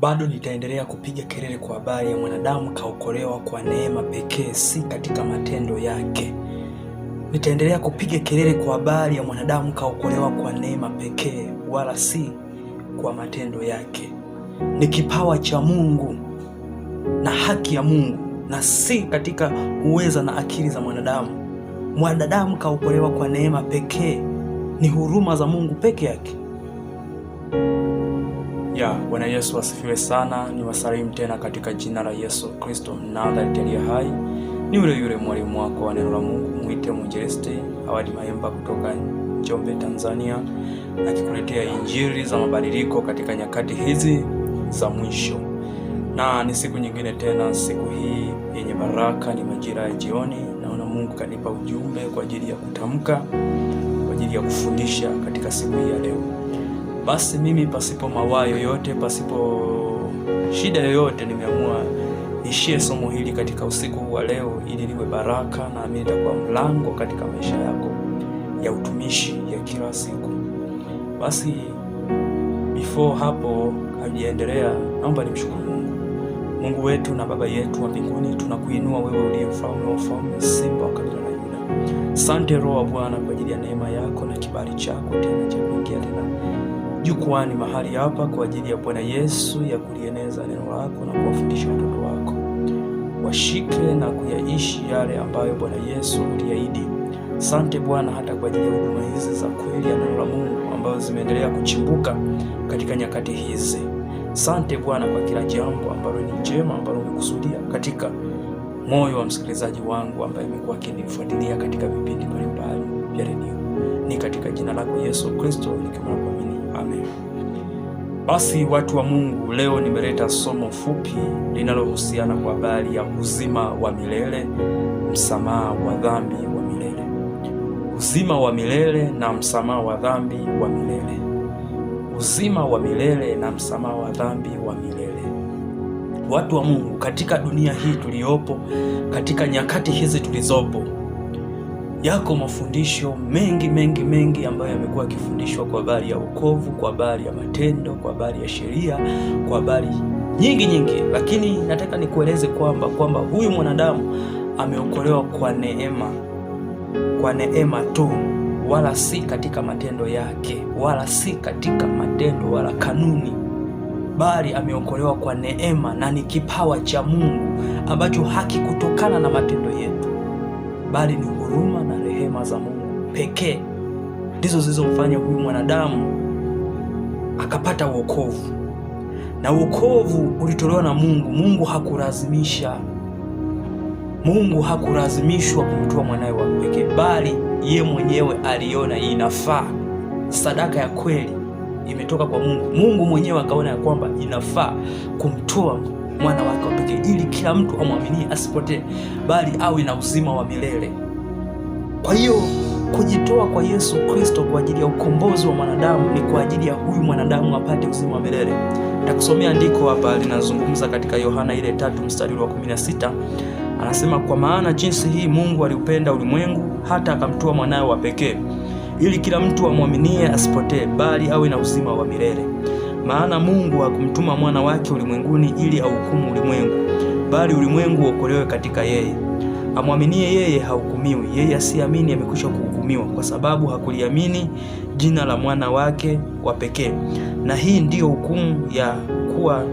bado nitaendelea kupiga kelele kwa habari ya mwanadamu kaokolewa kwa neema pekee, si katika matendo yake. Nitaendelea kupiga kelele kwa habari ya mwanadamu kaokolewa kwa neema pekee, wala si kwa matendo yake. Ni kipawa cha Mungu na haki ya Mungu, na si katika uweza na akili za mwanadamu. Mwanadamu kaokolewa kwa neema pekee, ni huruma za Mungu peke yake. Ya Bwana Yesu asifiwe sana. Ni wasalimu tena katika jina la Yesu Kristo Mnazareti aliye hai. Ni yule yule mwalimu wako wa neno la Mungu, mwite mwinjilisti awadi Mayemba kutoka Njombe, Tanzania, akikuletea injiri za mabadiliko katika nyakati hizi za mwisho. Na ni siku nyingine tena, siku hii yenye baraka, ni majira ya jioni. Naona Mungu kanipa ujumbe kwa ajili ya kutamka, kwa ajili ya kufundisha katika siku hii ya leo. Basi mimi pasipo mawaa yoyote, pasipo shida yoyote, nimeamua nishie somo hili katika usiku wa leo, ili liwe baraka na mimi nitakuwa mlango katika maisha yako ya utumishi ya kila siku. Basi before hapo hajaendelea, naomba nimshukuru Mungu. Mungu wetu na baba yetu wa mbinguni, tunakuinua wewe uliye mfalme wa ufalme simba wa kabila la Yuda. Asante Roho wa Bwana kwa ajili ya neema yako na kibali chako tena cha kuingia tena jukwani mahali hapa kwa ajili ya Bwana Yesu ya kulieneza neno lako na kuwafundisha watoto wako washike na kuyaishi yale ambayo Bwana Yesu uliahidi. Sante Bwana hata kwa ajili ya huduma hizi za kweli ya neno la Mungu ambazo zimeendelea kuchimbuka katika nyakati hizi. Sante Bwana kwa kila jambo ambalo ni jema ambalo umekusudia katika moyo wa msikilizaji wangu ambaye amekuwa akinifuatilia katika vipindi mbalimbali vya redio. Ni katika jina lako Yesu Kristo nikimwamini. Amen. Basi watu wa Mungu, leo nimeleta somo fupi linalohusiana kwa habari ya uzima wa milele, msamaha wa dhambi wa milele. Uzima wa milele na msamaha wa dhambi wa milele. Uzima wa milele na msamaha wa dhambi wa milele. Watu wa Mungu, katika dunia hii tuliyopo, katika nyakati hizi tulizopo yako mafundisho mengi mengi mengi ambayo yamekuwa yakifundishwa kwa habari ya wokovu, kwa habari ya matendo, kwa habari ya sheria, kwa habari nyingi nyingi, lakini nataka nikueleze kwamba kwamba huyu mwanadamu ameokolewa kwa neema, kwa neema tu, wala si katika matendo yake, wala si katika matendo wala kanuni, bali ameokolewa kwa neema, na ni kipawa cha Mungu ambacho hakikutokana na matendo yetu bali ni huruma na rehema za Mungu pekee ndizo zilizomfanya huyu mwanadamu akapata wokovu, na wokovu ulitolewa na Mungu. Mungu hakulazimisha, Mungu hakulazimishwa kumtoa mwanawe wa pekee, bali ye mwenyewe aliona inafaa. Sadaka ya kweli imetoka kwa Mungu. Mungu mwenyewe akaona ya kwamba inafaa kumtoa mwana wake wa pekee, ili kila mtu amwaminie asipotee, bali awe na uzima wa milele. Kwa hiyo kujitoa kwa Yesu Kristo kwa ajili ya ukombozi wa mwanadamu ni kwa ajili ya huyu mwanadamu apate uzima wa milele. Nitakusomea andiko hapa linazungumza katika Yohana ile tatu mstari wa 16. Anasema, kwa maana jinsi hii Mungu aliupenda ulimwengu hata akamtoa mwanawe wa pekee, ili kila mtu amwaminie asipotee, bali awe na uzima wa milele. Maana Mungu hakumtuma mwana wake ulimwenguni ili ahukumu ulimwengu, bali ulimwengu uokolewe katika yeye. Amwaminie yeye hahukumiwi, yeye asiamini amekwisha kuhukumiwa, kwa sababu hakuliamini jina la mwana wake wa pekee. Na hii ndiyo hukumu ya kuwa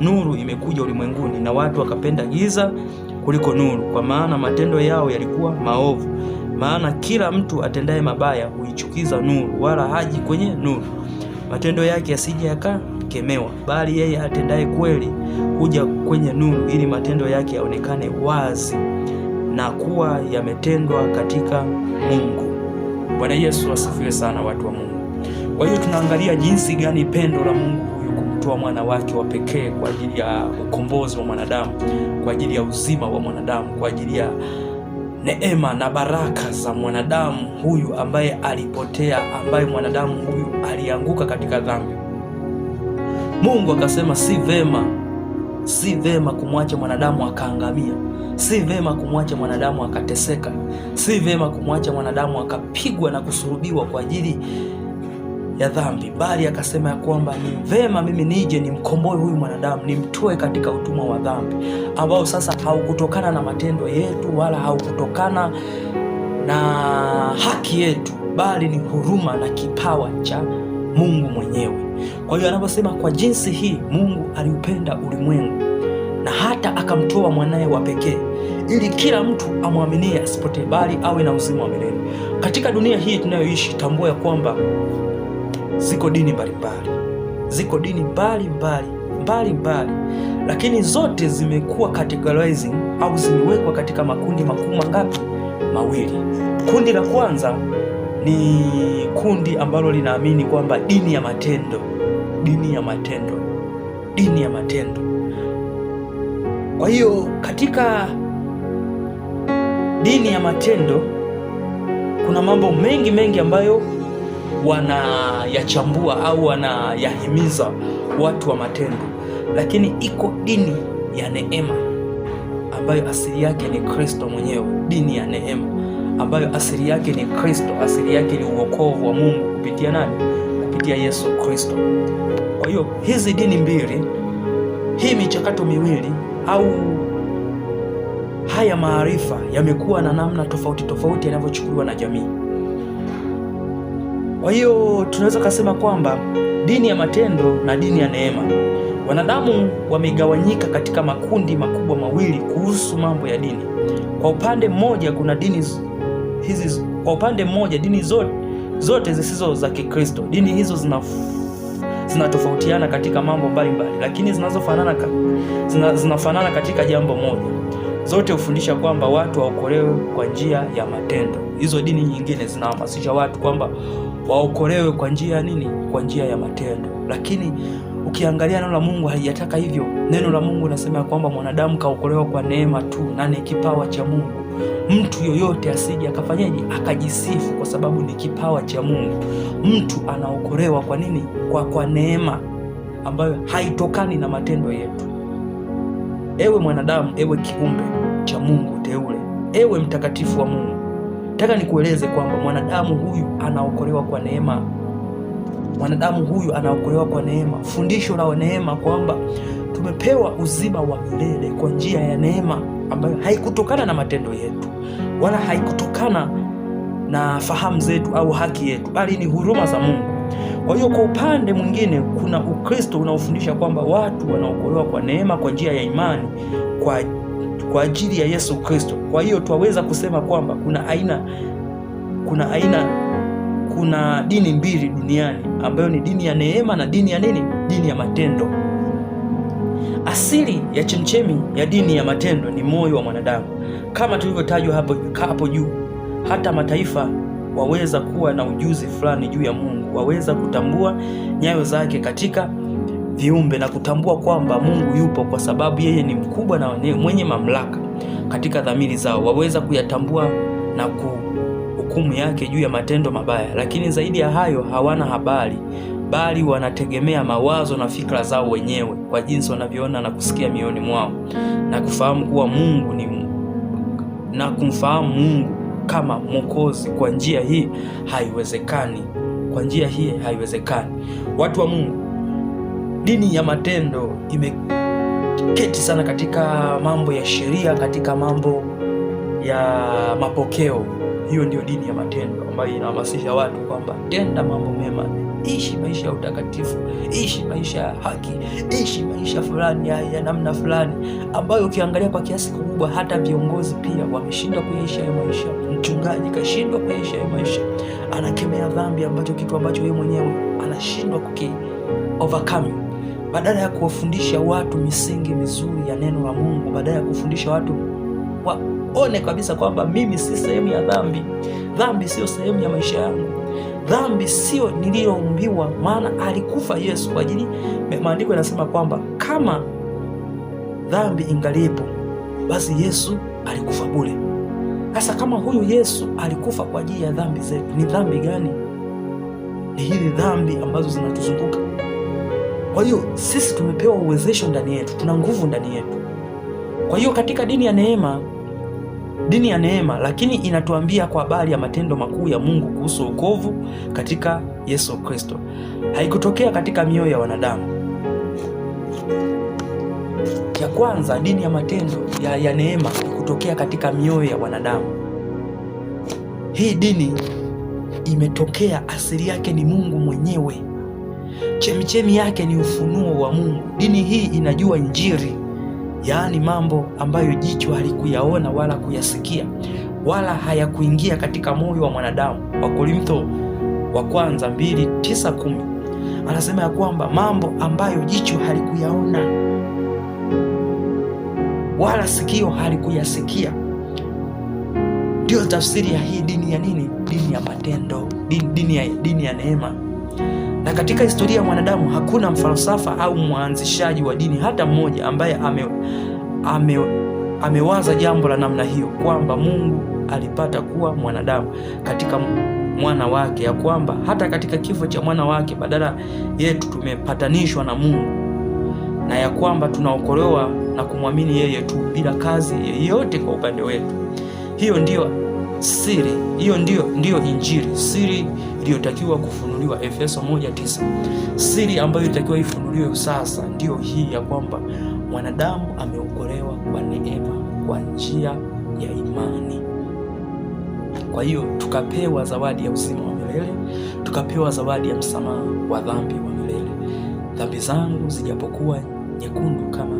nuru imekuja ulimwenguni, na watu wakapenda giza kuliko nuru, kwa maana matendo yao yalikuwa maovu. Maana kila mtu atendaye mabaya huichukiza nuru, wala haji kwenye nuru matendo yake yasije yakakemewa, bali yeye atendaye kweli huja kwenye nuru, ili matendo yake yaonekane wazi na kuwa yametendwa katika Mungu. Bwana Yesu asifiwe sana, watu wa Mungu. Kwa hiyo tunaangalia jinsi gani pendo la Mungu huyu kumtoa mwana wake wa pekee kwa ajili ya ukombozi wa mwanadamu, kwa ajili ya uzima wa mwanadamu, kwa ajili ya neema na baraka za mwanadamu huyu ambaye alipotea, ambaye mwanadamu huyu alianguka katika dhambi. Mungu akasema si vema, si vema kumwacha mwanadamu akaangamia, si vema kumwacha mwanadamu akateseka, si vema kumwacha mwanadamu akapigwa na kusurubiwa kwa ajili ya dhambi, bali akasema ya kwamba ni vema mimi nije nimkomboe huyu mwanadamu, nimtoe katika utumwa wa dhambi, ambao sasa haukutokana na matendo yetu wala haukutokana na haki yetu, bali ni huruma na kipawa cha Mungu mwenyewe. Kwa hiyo anaposema, kwa jinsi hii Mungu aliupenda ulimwengu na hata akamtoa mwanaye wa pekee ili kila mtu amwaminie asipotee bali awe na uzima wa milele. Katika dunia hii tunayoishi, tambua ya kwamba Ziko dini mbalimbali, ziko dini mbalimbali mbalimbali, lakini zote zimekuwa categorizing au zimewekwa katika makundi makuu mangapi? Mawili. Kundi la kwanza ni kundi ambalo linaamini kwamba dini ya matendo, dini ya matendo, dini ya matendo. Kwa hiyo katika dini ya matendo kuna mambo mengi mengi ambayo wanayachambua au wanayahimiza watu wa matendo, lakini iko dini ya neema ambayo asili yake ni Kristo mwenyewe, dini ya neema ambayo asili yake ni Kristo, asili yake ni uokovu wa Mungu kupitia nani? Kupitia Yesu Kristo. Kwa hiyo hizi dini mbili, hii michakato miwili au haya maarifa yamekuwa na namna tofauti tofauti yanavyochukuliwa na jamii. Kwa hiyo tunaweza kusema kwamba dini ya matendo na dini ya neema, wanadamu wamegawanyika katika makundi makubwa mawili kuhusu mambo ya dini. Kwa upande mmoja kuna dini hizi, kwa upande mmoja dini zote, zote zisizo za Kikristo. Dini hizo zina zinatofautiana katika mambo mbalimbali, lakini zinazofanana zina, zinafanana katika jambo moja. Zote hufundisha kwamba watu waokolewe kwa njia ya matendo. Hizo dini nyingine zinahamasisha watu kwamba waokolewe kwa njia ya nini? Kwa njia ya matendo. Lakini ukiangalia neno la Mungu halijataka hivyo. Neno la Mungu nasema ya kwamba mwanadamu kaokolewa kwa neema tu, na ni kipawa cha Mungu. Mtu yoyote asije akafanyaje, akajisifu kwa sababu ni kipawa cha Mungu. Mtu anaokolewa kwa nini? Kwa, kwa neema ambayo haitokani na matendo yetu. Ewe mwanadamu, ewe kiumbe cha Mungu teule, ewe mtakatifu wa Mungu Nataka nikueleze kwamba mwanadamu huyu anaokolewa kwa neema, mwanadamu huyu anaokolewa kwa neema. Fundisho la neema kwamba tumepewa uzima wa milele kwa njia ya neema ambayo haikutokana na matendo yetu wala haikutokana na fahamu zetu au haki yetu, bali ni huruma za Mungu. Kwa hiyo, kwa upande mwingine, kuna Ukristo unaofundisha kwamba watu wanaokolewa kwa neema kwa njia ya imani kwa kwa ajili ya Yesu Kristo. Kwa hiyo twaweza kusema kwamba kuna aina kuna aina kuna dini mbili duniani ambayo ni dini ya neema na dini ya nini? Dini ya matendo. Asili ya chemchemi ya dini ya matendo ni moyo wa mwanadamu, kama tulivyotajwa hapo hapo juu. Hata mataifa waweza kuwa na ujuzi fulani juu ya Mungu, waweza kutambua nyayo zake katika viumbe na kutambua kwamba Mungu yupo kwa sababu yeye ni mkubwa na mwenye mamlaka katika dhamiri zao, waweza kuyatambua na kuhukumu yake juu ya matendo mabaya. Lakini zaidi ya hayo, hawana habari, bali wanategemea mawazo na fikra zao wenyewe kwa jinsi wanavyoona na kusikia mioyoni mwao na kufahamu kuwa Mungu ni na kumfahamu Mungu kama Mwokozi kwa njia hii haiwezekani. Kwa njia hii haiwezekani, watu wa Mungu dini ya matendo imeketi sana katika mambo ya sheria, katika mambo ya mapokeo. Hiyo ndiyo dini ya matendo ambayo inahamasisha watu kwamba tenda mambo mema, ishi maisha ya utakatifu, ishi maisha ya haki, ishi maisha fulani ya namna fulani, ambayo ukiangalia kwa kiasi kikubwa hata viongozi pia wameshindwa kuyaisha hayo maisha. Mchungaji kashindwa kuyaisha hayo maisha, anakemea dhambi, ambacho kitu ambacho yeye mwenyewe anashindwa kuki overcome badala ya kuwafundisha watu misingi mizuri ya neno la Mungu, badala ya kufundisha watu waone kabisa kwamba mimi si sehemu ya dhambi, dhambi siyo sehemu ya maisha yangu, dhambi sio niliyoumbiwa. Maana alikufa Yesu kwa ajili, maandiko yanasema kwamba kama dhambi ingalipo, basi Yesu alikufa bure. Sasa kama huyu Yesu alikufa kwa ajili ya dhambi zetu, ni dhambi gani? Ni hizi dhambi ambazo zinatuzunguka. Kwa hiyo sisi tumepewa uwezesho ndani yetu, tuna nguvu ndani yetu. Kwa hiyo katika dini ya neema, dini ya neema lakini inatuambia kwa habari ya matendo makuu ya Mungu kuhusu wokovu katika Yesu Kristo, haikutokea katika mioyo ya wanadamu. Ya kwanza, dini ya matendo ya, ya neema kutokea katika mioyo ya wanadamu. Hii dini imetokea, asili yake ni Mungu mwenyewe chemichemi yake ni ufunuo wa Mungu. Dini hii inajua Injili, yaani mambo ambayo jicho halikuyaona wala kuyasikia wala hayakuingia katika moyo wa mwanadamu. Wakorintho wa kwanza mbili tisa kumi anasema ya kwamba mambo ambayo jicho halikuyaona wala sikio halikuyasikia ndiyo tafsiri ya hii dini ya nini? Dini ya matendo, dini, dini, ya, dini ya neema. Na katika historia ya mwanadamu hakuna mfalsafa au mwanzishaji wa dini hata mmoja ambaye ame, ame, amewaza jambo la namna hiyo, kwamba Mungu alipata kuwa mwanadamu katika mwana wake, ya kwamba hata katika kifo cha mwana wake badala yetu tumepatanishwa na Mungu na ya kwamba tunaokolewa na kumwamini yeye tu bila kazi yeyote kwa upande wetu. Hiyo ndiyo siri, hiyo ndiyo, ndiyo Injili siri iliyotakiwa kufunuliwa Efeso 1:9. Siri ambayo ilitakiwa ifunuliwe sasa ndiyo hii ya kwamba mwanadamu ameokolewa kwa neema kwa njia ya imani. Kwa hiyo tukapewa zawadi ya uzima wa milele, tukapewa zawadi ya msamaha wa dhambi wa milele. Dhambi zangu zijapokuwa nyekundu kama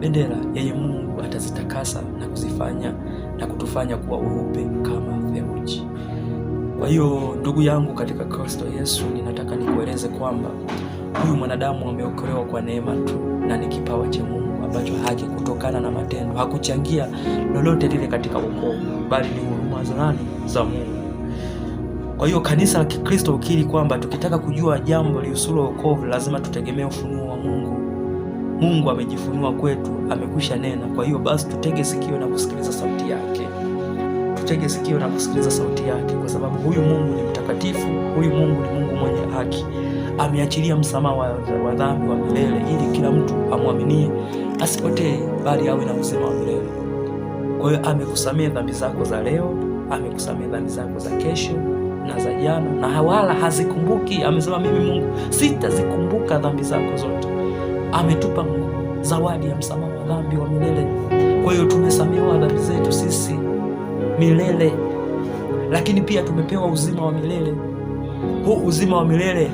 bendera, yeye Mungu atazitakasa na kuzifanya na kutufanya kuwa weupe kama theluji. Kwa hiyo ndugu yangu katika Kristo Yesu, ninataka nikueleze kwamba huyu mwanadamu ameokolewa kwa neema tu na ni kipawa cha Mungu ambacho kutokana na matendo, hakuchangia lolote lile katika wokovu, bali ni huruma za nani? Za Mungu. Kwa hiyo kanisa la Kikristo ukiri kwamba tukitaka kujua jambo lihusulo wokovu lazima tutegemee ufunuo wa Mungu. Mungu amejifunua kwetu, amekwisha nena. Kwa hiyo basi tutege sikio na kusikiliza sauti yake tutege sikio na kusikiliza sauti yake, kwa sababu huyu Mungu ni mtakatifu, huyu Mungu ni Mungu mwenye haki. Ameachilia msamaha wa dhambi wa milele ili kila mtu amwaminie asipotee, bali awe na uzima wa milele. Kwa hiyo amekusamehe dhambi zako za leo, amekusamehe dhambi zako za kesho na za jana, na wala hazikumbuki. Amesema mimi Mungu sitazikumbuka dhambi zako zote. Ametupa zawadi ya msamaha wa dhambi wa milele. Kwa hiyo tumesamehewa dhambi zetu sisi milele, lakini pia tumepewa uzima wa milele. Huu uzima wa milele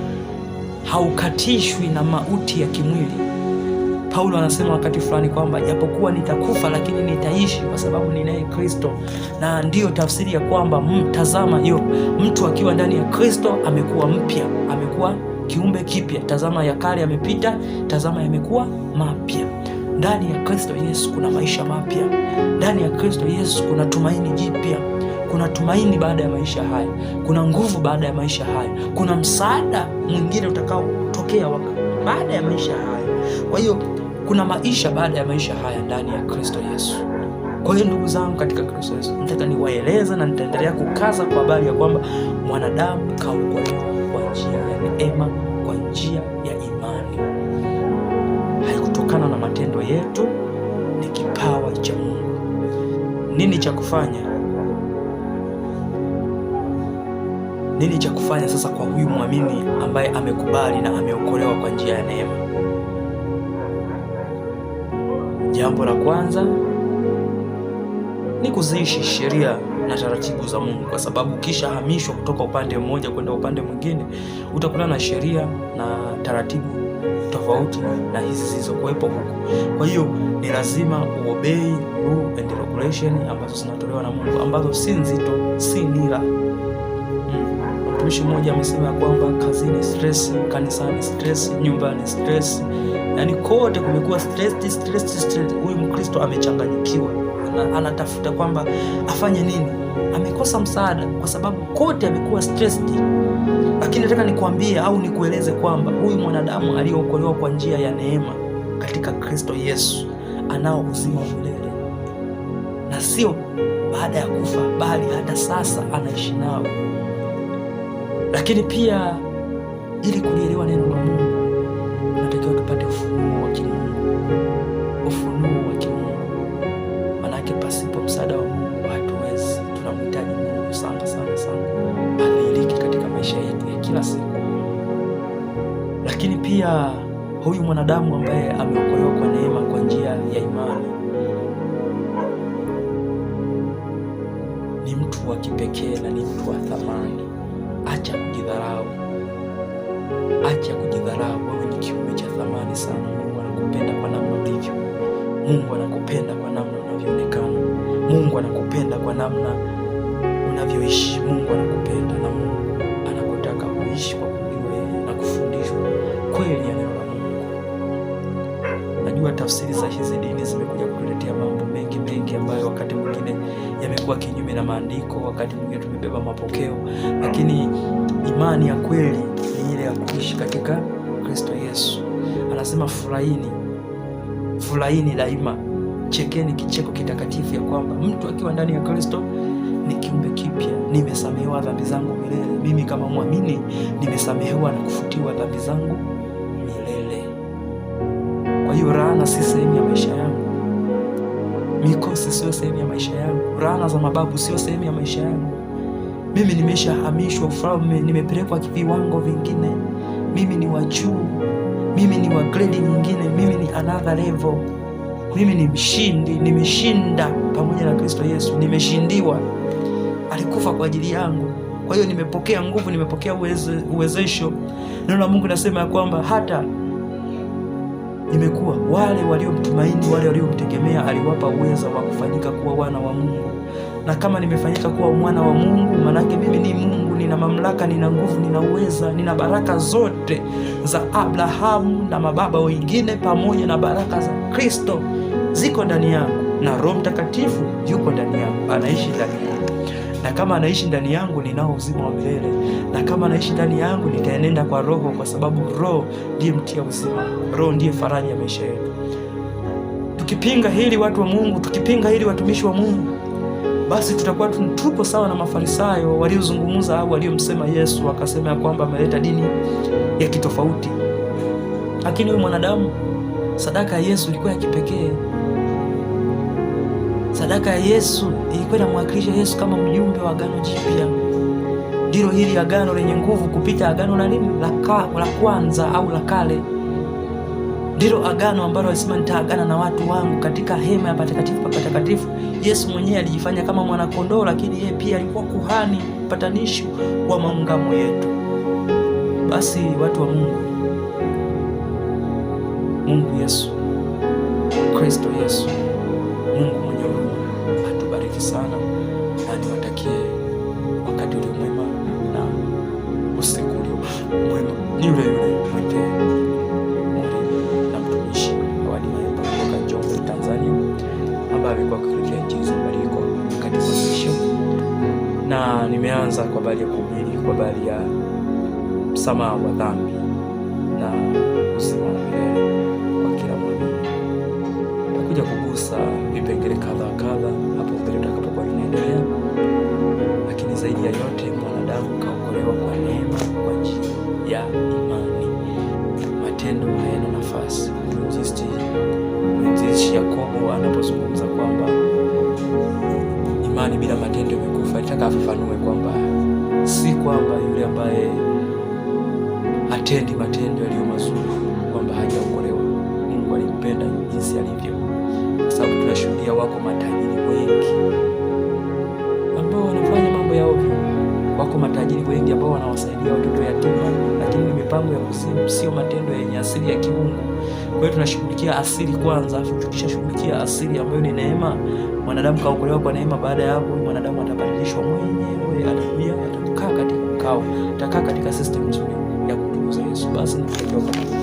haukatishwi na mauti ya kimwili. Paulo anasema wakati fulani kwamba japokuwa nitakufa lakini nitaishi kwa sababu ninaye Kristo, na ndiyo tafsiri ya kwamba mtazama, mm, hiyo mtu akiwa ndani ya Kristo amekuwa mpya, amekuwa kiumbe kipya. Tazama ya kale yamepita, tazama yamekuwa mapya. Ndani ya Kristo Yesu kuna maisha mapya. Ndani ya Kristo Yesu kuna tumaini jipya. Kuna tumaini baada ya maisha haya, kuna nguvu baada ya maisha haya, kuna msaada mwingine utakaotokea baada ya maisha haya. Kwa hiyo kuna maisha baada ya maisha haya ndani ya Kristo Yesu. Kwa hiyo ndugu zangu katika Kristo Yesu, nataka niwaeleza na nitaendelea kukaza kwa habari ya kwamba mwanadamu kaukolewa kwa njia ya neema, kwa njia yetu ni kipawa cha Mungu. Nini cha kufanya? Nini cha kufanya sasa kwa huyu mwamini ambaye amekubali na ameokolewa kwa njia ya neema? Jambo la kwanza ni kuziishi sheria na taratibu za Mungu, kwa sababu kisha hamishwa kutoka upande mmoja kwenda upande mwingine, utakutana na sheria na taratibu tofauti na hizi zilizokuwepo huku. Kwa hiyo ni lazima uobey rule and regulation ambazo zinatolewa na Mungu, ambazo si nzito, si nira. Mm. Mtumishi mmoja amesema kwamba kazini stress, kanisani stress, nyumbani stress, yani kote kumekuwa stress, stress, stress. Huyu Mkristo amechanganyikiwa, anatafuta kwamba afanye nini amekosa msaada kwa sababu kote amekuwa stressed. Lakini nataka nikuambie au nikueleze kwamba huyu mwanadamu aliyeokolewa kwa njia ya neema katika Kristo Yesu anao uzima wa milele, na sio baada ya kufa, bali hata sasa anaishi nao. Lakini pia ili kulielewa neno la Mungu natakiwa tupate ufunuo wa kimungu, ufunuo wa kimungu, manake pasipo msaada wa Mungu maisha yetu ya kila siku, lakini pia huyu mwanadamu ambaye ameokolewa kwa neema kwa njia ya imani ni mtu wa kipekee na ni mtu wa thamani. Acha kujidharau, acha kujidharau. Wewe ni kiumbe cha thamani sana. Mungu anakupenda kwa namna ulivyo. Mungu anakupenda kwa namna unavyoonekana. Mungu anakupenda kwa namna unavyoishi. Mungu anakupenda na Mungu mapokeo, lakini imani ya kweli ni ile ya kuishi katika Kristo Yesu. Anasema furahini, furahini daima, chekeni kicheko kitakatifu, ya kwamba mtu akiwa ndani ya Kristo ni kiumbe kipya, nimesamehewa dhambi zangu milele. Mimi kama mwamini nimesamehewa na kufutiwa dhambi zangu milele. Kwa hiyo laana si sehemu ya maisha yangu, mikosi sio sehemu ya maisha yangu, laana za mababu sio sehemu ya maisha yangu mimi nimeshahamishwa ufalme, nimepelekwa viwango vingine, mimi ni wa juu, mimi ni wa grade nyingine, mimi ni another level, mimi ni mshindi, nimeshinda pamoja na Kristo Yesu, nimeshindiwa. Alikufa kwa ajili yangu, kwa hiyo nimepokea nguvu, nimepokea uwezesho. Neno la Mungu nasema ya kwamba hata imekuwa wale waliomtumaini, wale waliomtegemea aliwapa uwezo wa kufanyika kuwa wana wa Mungu. Na kama nimefanyika kuwa mwana wa Mungu, manake mimi ni Mungu, nina mamlaka, nina nguvu, nina uweza, nina baraka zote za Abrahamu na mababa wengine, pamoja na baraka za Kristo ziko ndani yangu, na Roho Mtakatifu yuko ndani yangu, anaishi ndani yangu na kama anaishi ndani yangu ninao uzima wa milele, na kama anaishi ndani yangu nitaenenda kwa Roho, kwa sababu Roho ndiye mtia uzima, Roho ndiye faraja ya maisha yetu. Tukipinga hili watu wa Mungu, tukipinga hili watumishi wa Mungu, basi tutakuwa tuko sawa na Mafarisayo waliozungumza au waliomsema Yesu, wakasema ya kwamba ameleta dini ya kitofauti, lakini huyu mwanadamu sadaka ya Yesu ilikuwa ya kipekee. Sadaka ya Yesu ilikuwa inamwakilisha Yesu kama mjumbe wa agano jipya. Ndilo hili agano lenye nguvu kupita agano la nini, la kwanza au la kale. Ndilo agano ambalo alisema nitaagana na watu wangu katika hema ya patakatifu pa patakatifu. Yesu mwenyewe alijifanya kama mwanakondoo, lakini yeye pia alikuwa kuhani patanishi wa maungamo yetu. Basi watu wa Mungu, Mungu Yesu, Kristo Yesu amekuwa akiletea injili za mabadiliko katika maisha, na nimeanza kwa habari ya kuhubiri kwa habari ya msamaha wa dhambi na uzima wa kila mwamini. Nakuja kugusa vipengele kadha kadha hapo mbele tutakapokuwa tunaendelea, lakini zaidi ya yote mwanadamu kaokolewa kwa neema kwa njia ya imani. Matendo hayana nafasi. Mwinjilisti Yakobo anapozungumza imani bila matendo imekufa. Nataka afafanue kwamba si kwamba yule ambaye hatendi matendo yaliyo mazuri kwamba hajaokolewa. Mungu alimpenda jinsi alivyo, kwa sababu tunashuhudia wako matajiri wengi ambao wanafanya mambo ya ovyo walimu wengi ambao wanawasaidia watoto yatima, lakini ni mipango ya kuzimu, sio matendo yenye asili ya kiungu. Kwa hiyo tunashughulikia asili kwanza, afu tukishashughulikia asili ambayo ni neema, mwanadamu kaokolewa kwa neema. Baada ya hapo mwanadamu atabadilishwa mwenyewe, atakaa katika mkao, atakaa katika system nzuri ya kumtukuza Yesu. Basi nikutakia